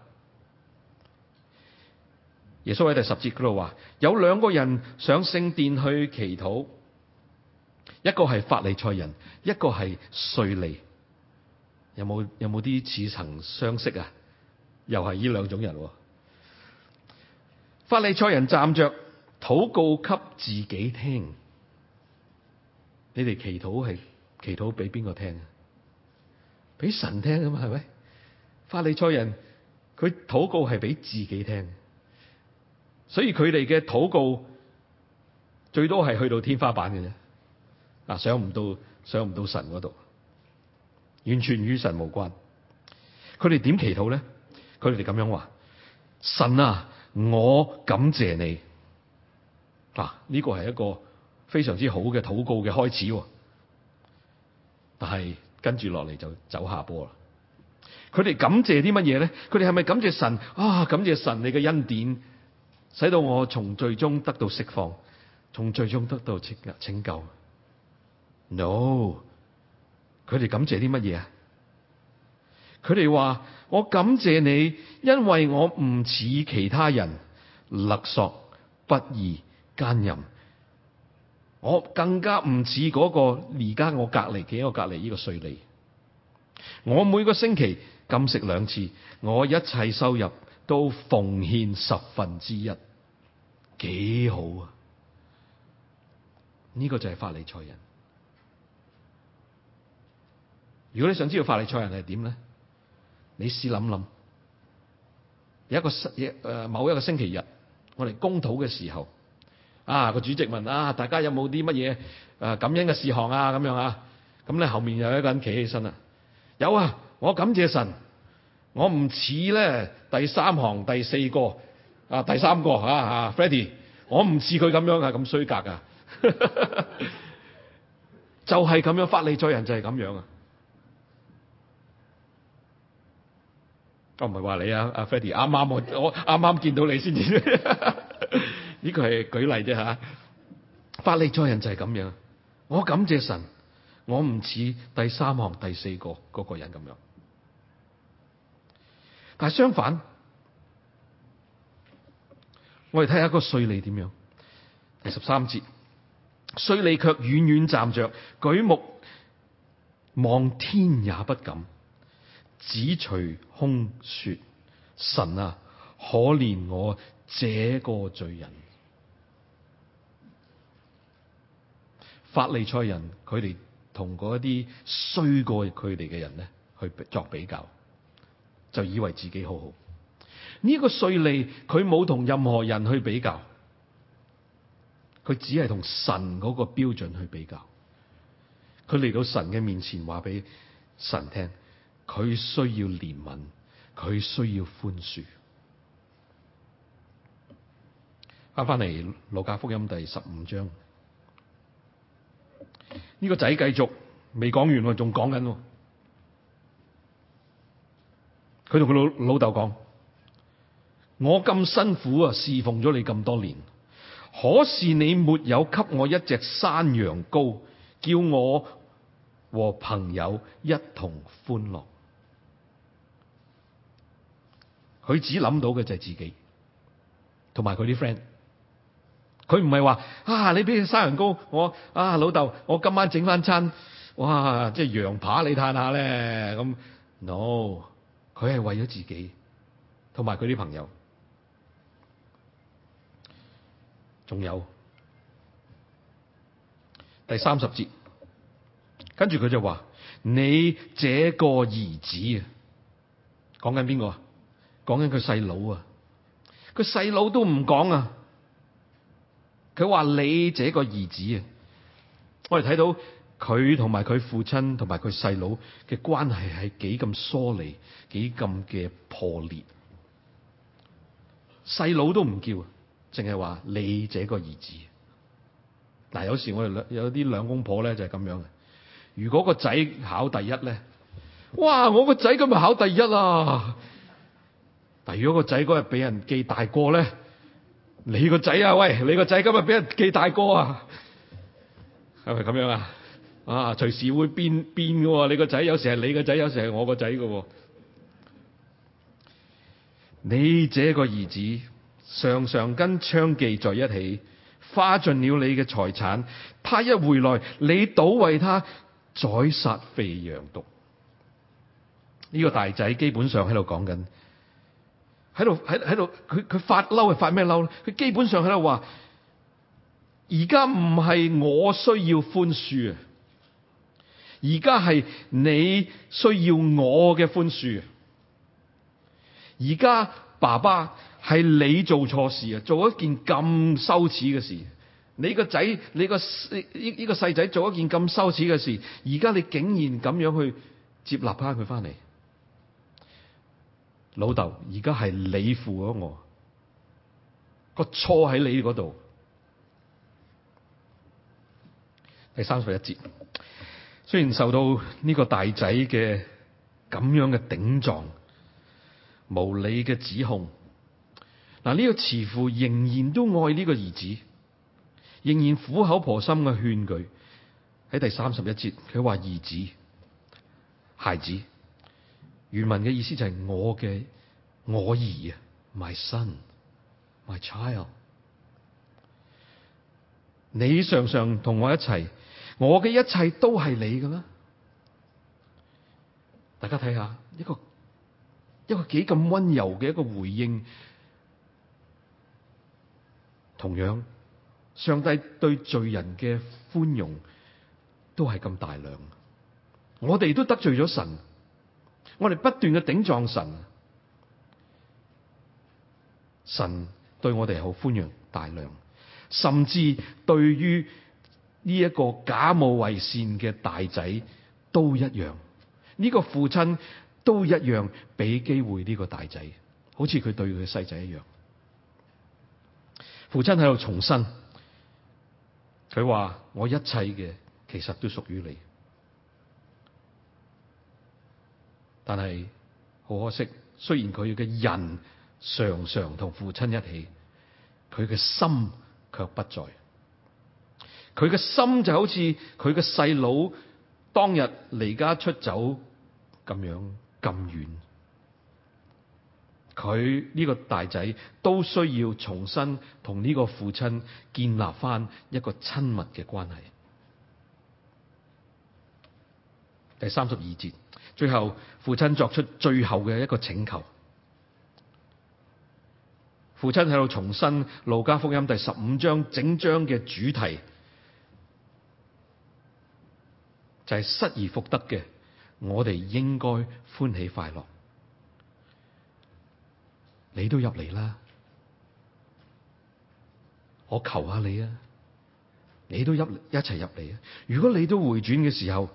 A: 耶穌喺第十節嗰度話：有兩個人上聖殿去祈禱，一個係法利賽人，一個係稅吏。有冇有冇啲似曾相識啊？又係呢兩種人。法利賽人站着禱告，給自己聽。你哋祈禱係祈禱俾邊個聽啊？俾神聽啊嘛，係咪？法利賽人佢禱告係俾自己聽。所以佢哋嘅禱告最多係去到天花板嘅啫，啊，上唔到上唔到神嗰度，完全與神無關。佢哋點祈禱咧？佢哋咁樣話：神啊，我感謝你。啊，呢個係一個非常之好嘅禱告嘅開始，但係跟住落嚟就走下坡啦。佢哋感謝啲乜嘢咧？佢哋係咪感謝神啊？感謝神你嘅恩典？使到我從最終得到釋放，從最終得到拯拯救。No，佢哋感謝啲乜嘢啊？佢哋話：我感謝你，因為我唔似其他人勒索、不義、奸淫。我更加唔似嗰個而家我隔籬嘅一個隔籬呢個稅吏。我每個星期禁食兩次，我一切收入。都奉獻十分之一，幾好啊！呢個就係法利賽人。如果你想知道法利賽人係點咧，你試諗諗。有一個誒，某一個星期日，我哋公討嘅時候，啊，個主席問啊，大家有冇啲乜嘢誒感恩嘅事項啊？咁樣啊，咁咧後面又有一個人企起身啊。有啊，我感謝神。我唔似咧第三行第四個啊，第三個啊啊，Freddie，我唔似佢咁樣啊，咁衰格啊，Freddy, 格呵呵就係、係、咁樣，法利賽人就係咁樣啊。我唔係話你啊，阿 Freddie，啱啱我我啱啱見到你先至呢個係舉例啫吓、啊。法利賽人就係咁樣，我感謝神，我唔似第三行第四個嗰個人咁樣。但係相反，我哋睇下個稅吏點樣？第十三節，稅吏卻遠遠站着，舉目望天也不敢，只除空說：神啊，可憐我這個罪人！法利賽人佢哋同一啲衰過佢哋嘅人咧，去作比較。就以為自己好好，呢、這個稅吏佢冇同任何人去比較，佢只係同神嗰個標準去比較。佢嚟到神嘅面前，話俾神聽，佢需要憐憫，佢需要寬恕。翻翻嚟《路加福音》第十五章，呢、這個仔繼續未講完喎，仲講緊喎。佢同佢老老豆講：我咁辛苦啊，侍奉咗你咁多年，可是你沒有給我一隻山羊羔，叫我和朋友一同歡樂。佢只諗到嘅就係自己，同埋佢啲 friend。佢唔係話啊，你俾隻山羊羔我啊，老豆，我今晚整翻餐，哇，即係羊扒你嘆下咧咁。no。佢係為咗自己，同埋佢啲朋友，仲有第三十節，跟住佢就話：你這個兒子講講弟弟弟弟啊，講緊邊個啊？講緊佢細佬啊？佢細佬都唔講啊！佢話你這個兒子啊，我哋睇到。佢同埋佢父親同埋佢細佬嘅關係係幾咁疏離，幾咁嘅破裂。細佬都唔叫，淨係話你這個兒子。嗱，有時我哋兩有啲兩公婆咧就係、是、咁樣。如果個仔考第一咧，哇，我個仔今日考第一啦！但如果個仔嗰日俾人記大過咧，你個仔啊，喂，你個仔今日俾人記大過啊，係咪咁樣啊？啊！隨時會變變嘅喎，啊，你個仔有時係你個仔，有時係我個仔嘅喎。 你這個兒子常常跟娼妓在一起，花盡了你嘅財產。他一回來，你倒為他宰殺肥羊犢。呢 個大仔基本上喺度講緊，喺度喺喺度，佢佢發嬲係發咩嬲？佢基本上喺度話：而家唔係我需要寬恕啊！而家係你需要我嘅寬恕。而家爸爸係你做錯事啊，做一件咁羞恥嘅事。你個仔，你個呢呢個細仔做一件咁羞恥嘅事，而家你竟然咁樣去接納翻佢翻嚟。老豆，而家係你負咗我，個錯喺你嗰度。第三十一節。雖然受到呢個大仔嘅咁樣嘅頂撞、無理嘅指控，嗱、這、呢個慈父仍然都愛呢個兒子，仍然苦口婆心嘅勸佢。喺第三十一節，佢話：兒子、孩子，原文嘅意思就係我嘅我兒啊，my son，my child。你常常同我一齊。我嘅一切都係你㗎啦，大家睇下一個一個幾咁溫柔嘅一個回應，同樣上帝對罪人嘅寬容都係咁大量。我哋都得罪咗神，我哋不斷嘅頂撞神，神對我哋好寬容大量，甚至對於。呢一個假冒為善嘅大仔都一樣，呢個父親都一樣俾機會呢個大仔，好似佢對佢細仔一樣。父親喺度重申，佢話：我一切嘅其實都屬於你，但係好可惜，雖然佢嘅人常常同父親一起，佢嘅心卻不在。佢嘅心就好似佢嘅細佬當日離家出走咁樣咁遠，佢呢、這個大仔都需要重新同呢個父親建立翻一個親密嘅關係。第三十二節，最後父親作出最後嘅一個請求。父親喺度重申路加福音第十五章整章嘅主題。就係失而復得嘅，我哋應該歡喜快樂。你都入嚟啦，我求下你啊！你都入一齊入嚟啊！如果你都回轉嘅時候，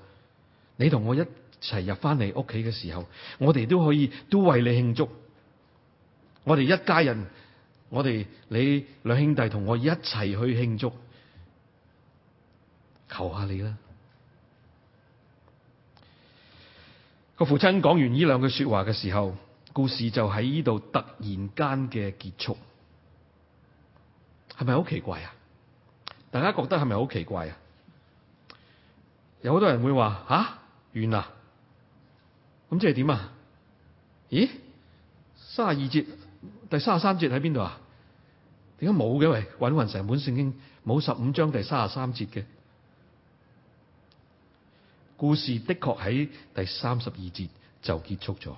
A: 你同我一齊入翻嚟屋企嘅時候，我哋都可以都為你慶祝。我哋一家人，我哋，你兩兄弟同我一齊去慶祝，求下你啦！個父親講完呢兩句說話嘅時候，故事就喺呢度突然間嘅結束，係咪好奇怪啊？大家覺得係咪好奇怪啊？有好多人會話：吓、啊、完啦，咁即係點啊？咦，三十二節第三十三節喺邊度啊？點解冇嘅？喂，搵匀成本聖經冇十五章第三十三節嘅。故事的確喺第三十二節就結束咗，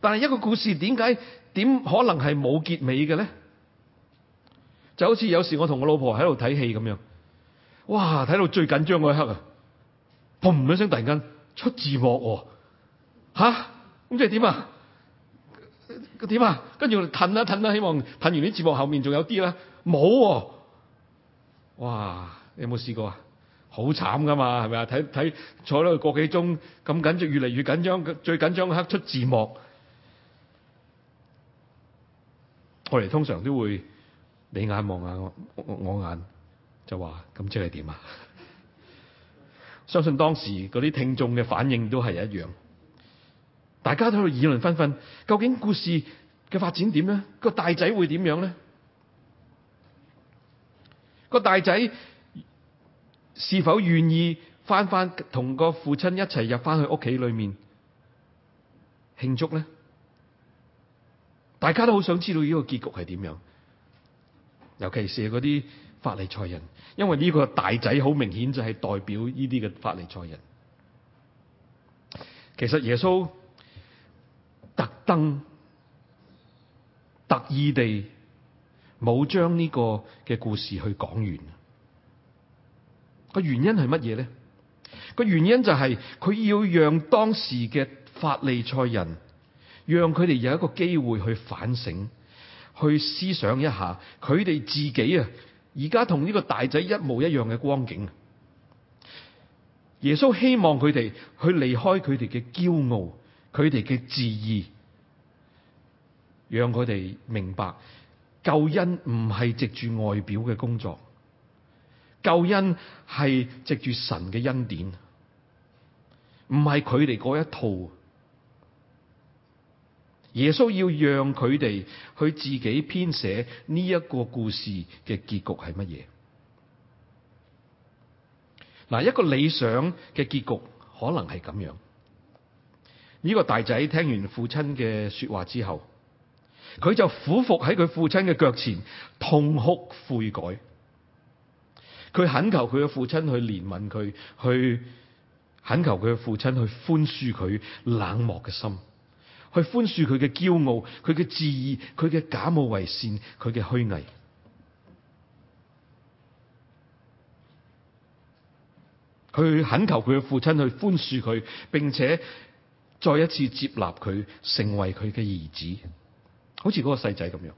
A: 但係一個故事點解點可能係冇結尾嘅咧？就好似有時我同我老婆喺度睇戲咁樣，哇，睇到最緊張嗰一刻啊，嘭一聲突然間出字幕喎，吓，咁即係點啊？個點啊？跟住我哋褪啦褪啦，希望褪完啲字幕後面仲有啲啦，啊，冇喎，哇，你有冇試過啊？好慘噶嘛，係咪啊？睇睇坐咗個幾鐘咁緊張，越嚟越緊張，最緊張嘅刻出字幕，我哋通常都會你眼望下我眼，就話咁即係點啊？相信當時嗰啲聽眾嘅反應都係一樣，大家都喺度議論紛紛，究竟故事嘅發展點咧？個大仔會點樣咧？個大仔。是否願意翻翻同個父親一齊入翻去屋企裏面慶祝呢？大家都好想知道呢個結局係點樣，尤其是嗰啲法利賽人，因為呢個大仔好明顯就係代表呢啲嘅法利賽人。其實耶穌特登特意地冇將呢個嘅故事去講完。個原因係乜嘢咧？個原因就係、是、佢要讓當時嘅法利賽人，讓佢哋有一個機會去反省、去思想一下，佢哋自己啊，而家同呢個大仔一模一樣嘅光景。耶穌希望佢哋去離開佢哋嘅驕傲，佢哋嘅自義，讓佢哋明白救恩唔係藉住外表嘅工作。救恩係藉住神嘅恩典，唔係佢哋嗰一套。耶穌要讓佢哋去自己編寫呢一個故事嘅結局係乜嘢？嗱，一個理想嘅結局可能係咁樣。呢個大仔聽完父親嘅說話之後，佢就俯伏喺佢父親嘅腳前，痛哭悔改。佢懇求佢嘅父親去憐憫佢，去懇求佢嘅父親去寬恕佢冷漠嘅心，去寬恕佢嘅驕傲、佢嘅自義、佢嘅假冒為善、佢嘅虛偽。佢懇求佢嘅父親去寬恕佢，並且再一次接納佢，成為佢嘅兒子，好似嗰個細仔咁樣。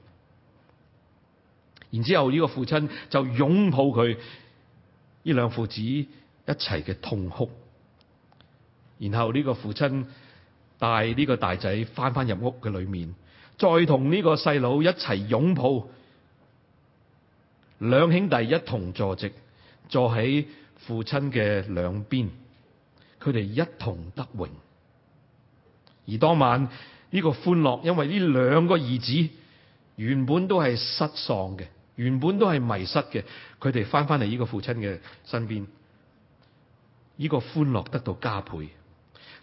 A: 然之後呢個父親就擁抱佢。呢兩父子一齊嘅痛哭，然後呢個父親帶呢個大仔翻翻入屋嘅裏面，再同呢個細佬一齊擁抱，兩兄弟一同坐席，坐喺父親嘅兩邊，佢哋一同得榮。而當晚呢個歡樂，因為呢兩個兒子原本都係失喪嘅。原本都係迷失嘅，佢哋翻翻嚟呢個父親嘅身邊，呢個歡樂得到加倍，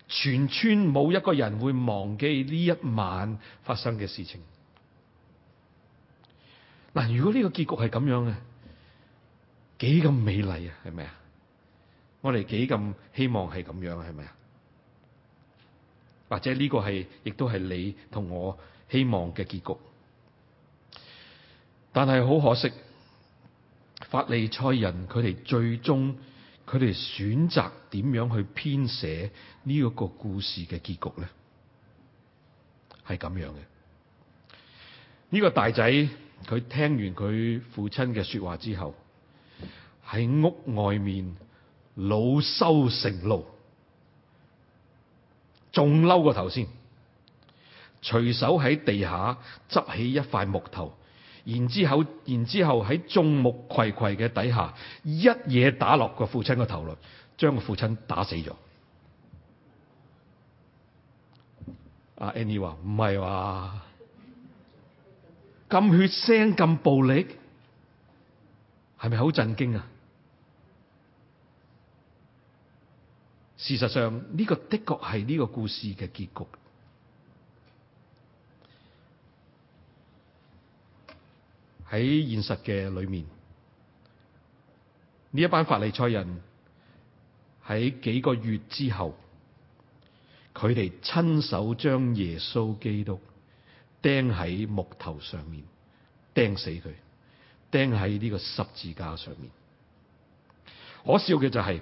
A: 全村冇一個人會忘記呢一晚發生嘅事情。嗱，如果呢個結局係咁樣嘅，幾咁美麗啊！係咪啊？我哋幾咁希望係咁樣，係咪啊？或者呢個係亦都係你同我希望嘅結局。但係好可惜，法利賽人佢哋最終佢哋選擇點樣去編寫呢一個故事嘅結局咧？係咁樣嘅。呢個大仔佢聽完佢父親嘅說話之後，喺屋外面老羞成怒，仲嬲過頭先，隨手喺地下執起一塊木頭。然之後，然之後喺眾目睽睽嘅底下，一嘢打落個父親個頭顱，將個父親打死咗。阿、 啊、Annie 話唔係哇，咁 血腥咁暴力，係咪好震驚啊？ 事實上呢、呢個的確係呢個故事嘅結局。喺現實嘅裏面，呢一班法利賽人喺幾個月之後，佢哋親手將耶穌基督釘喺木頭上面，釘死佢，釘喺呢個十字架上面。可笑嘅就係，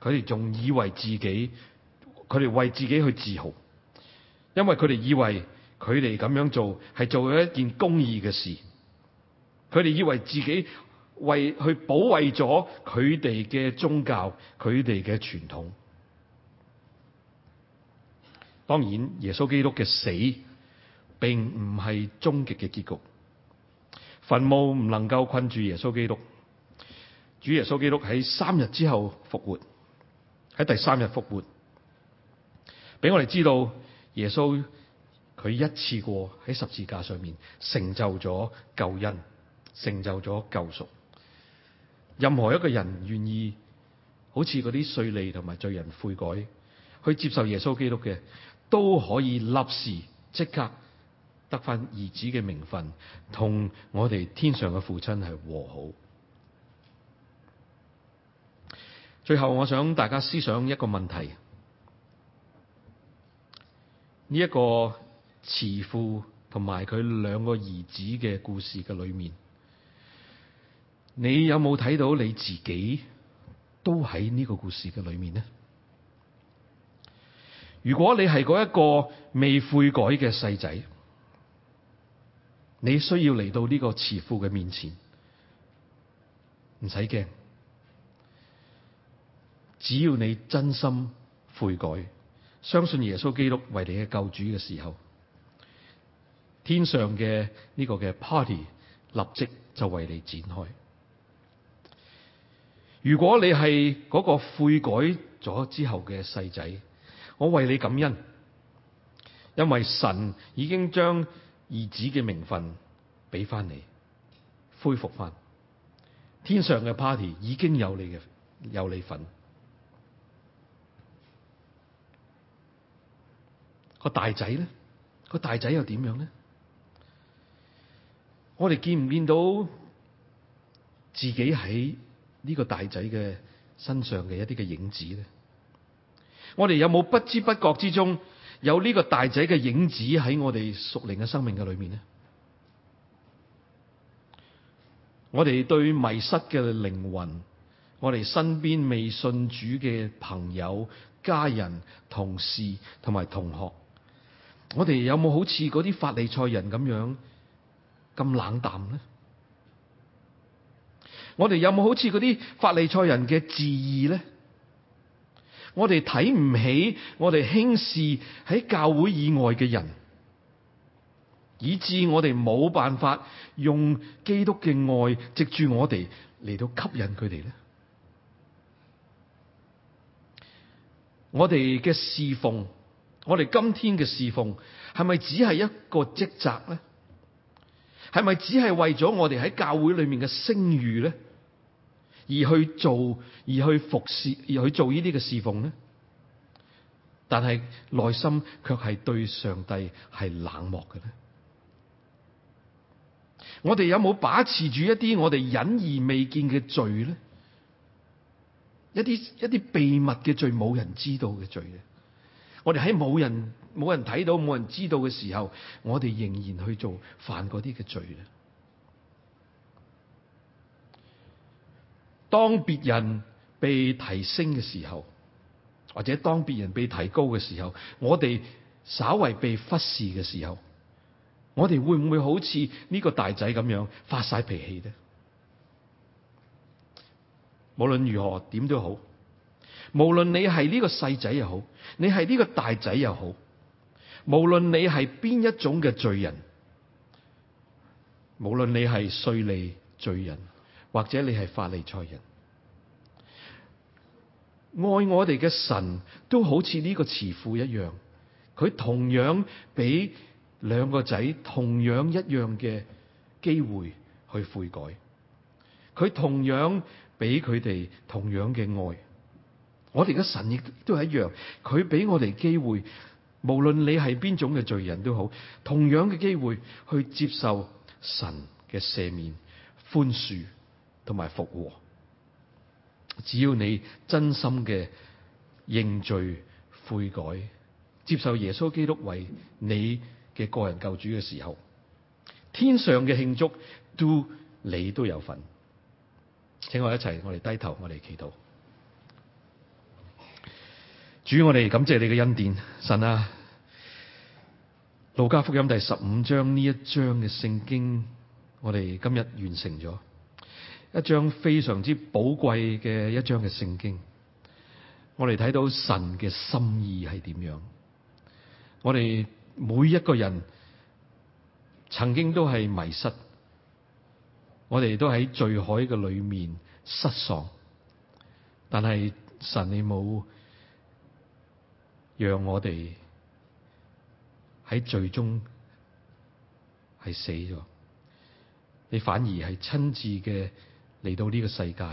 A: 佢哋仲以為自己，佢哋為自己去自豪，因為佢哋以為佢哋咁樣做係做咗一件公義嘅事。佢哋以為自己為去保衛咗佢哋嘅宗教，佢哋嘅傳統。當然，耶穌基督嘅死並唔係終極嘅結局，墳墓唔能夠困住耶穌基督。主耶穌基督喺三日之後復活，喺第三日復活，俾我哋知道耶穌佢一次過喺十字架上面成就咗救恩。成就咗救贖，任何一個人願意，好似啲稅吏同埋罪人悔改，去接受耶穌基督嘅，都可以立時即刻得返兒子嘅名分，同我哋天上嘅父親係和好。最後，我想大家思想一個問題：呢、這、一個慈父同埋佢兩個兒子嘅故事嘅裏面。你有冇睇到你自己都喺呢個故事嘅裏面呢？如果你係嗰一個未悔改嘅細仔，你需要嚟到呢個慈父嘅面前，唔使驚，只要你真心悔改，相信耶穌基督為你嘅救主嘅時候，天上嘅呢個嘅 party 立即就為你展開。如果你係嗰個悔改咗之後嘅細仔，我為你感恩，因為神已經將兒子嘅名分俾翻你，恢復翻天上嘅 party，已經有你嘅，有你份。個大仔咧，個大仔又點樣咧？我哋見唔見到自己喺呢個大仔嘅身上嘅一啲嘅影子咧，我哋有冇不知不覺之中有呢個大仔嘅影子喺我哋屬靈嘅生命嘅裏面呢？我哋對迷失嘅靈魂，我哋身邊未信主嘅朋友、家人、同事同埋同學，我哋有冇好似嗰啲法利賽人咁樣咁冷淡呢？我哋有冇好似嗰啲法利賽人嘅自義呢？我哋睇唔起，我哋輕視喺教會以外嘅人，以致我哋冇辦法用基督嘅愛藉住我哋嚟到吸引佢哋呢？我哋嘅侍奉，我哋今天嘅侍奉，係咪只係一個職責呢？係咪只係為咗我哋喺教會裏面嘅聲譽呢？而去做，而去服侍，而去做呢啲嘅侍奉呢，但係內心卻係對上帝係冷漠嘅咧。我哋有冇把持住一啲我哋隱而未見嘅罪咧？一啲一啲秘密嘅罪，冇人知道嘅罪咧。我哋喺冇人冇人睇到、冇人知道嘅時候，我哋仍然去做犯嗰啲嘅罪咧。當別人被提升嘅時候，或者當別人被提高嘅時候，我哋稍為被忽視嘅時候，我哋會唔會好似呢個大仔咁樣發晒脾氣呢？無論如何，點都好。無論你係呢個細仔又好，你係呢個大仔又好，無論你係邊一種嘅罪人，無論你係稅吏罪人。或者你係法利賽人，愛我哋嘅神都好似呢個慈父一樣，佢同樣俾兩個仔同樣一樣嘅機會去悔改，佢同樣俾佢哋同樣嘅愛。我哋嘅神亦都係一樣，佢俾我哋機會，無論你係邊種嘅罪人都好，同樣嘅機會去接受神嘅赦免、寬恕。同埋復和，只要你真心嘅認罪悔改，接受耶穌基督為你嘅個人救主嘅時候，天上嘅慶祝都你都有份。請我一齊，我哋低頭，我哋祈禱。主，我哋感謝你嘅恩典，神啊！《路加福音》第十五章呢一章嘅聖經，我哋今日完成咗。一張非常之寶貴嘅一張嘅聖經，我哋睇到神嘅心意係點樣。我哋每一個人曾經都係迷失，我哋都喺罪海嘅裏面失喪，但係神你冇讓我哋喺最終係死咗，你反而係親自嘅。嚟到呢個世界，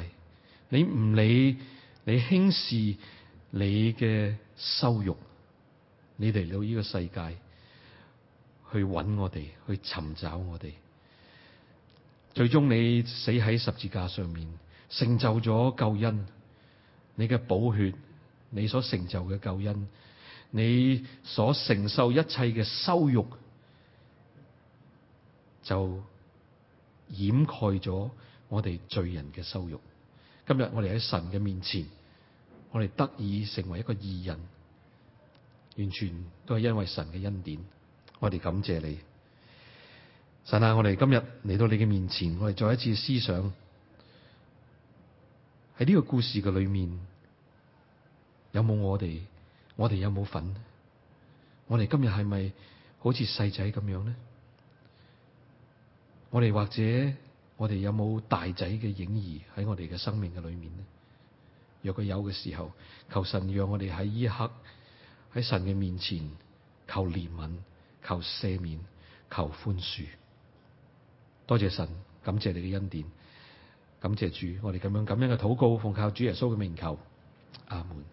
A: 你唔理你輕視你嘅羞辱，你嚟到呢個世界去揾我哋，去尋找我哋。最終你死喺十字架上面，成就咗救恩。你嘅寶血，你所成就嘅救恩，你所承受一切嘅羞辱，就掩蓋咗，我哋罪人嘅羞辱，今日我哋喺神嘅面前，我哋得以成為一個義人，完全都係因為神嘅恩典，我哋感謝你。神啊，我哋今日嚟到你嘅面前，我哋再一次思想喺呢個故事嘅裏面，有冇我哋？我哋有冇份？我哋今日係咪好似細仔咁樣呢？我哋或者？我哋有冇大仔嘅影兒喺我哋嘅生命嘅裏面呢？若果有嘅時候，求神讓我哋喺呢一刻喺神嘅面前求憐憫、求赦免、求寬恕。多謝神，感謝你嘅恩典，感謝主，我哋咁樣咁樣嘅禱告，奉靠主耶穌嘅名求，阿門。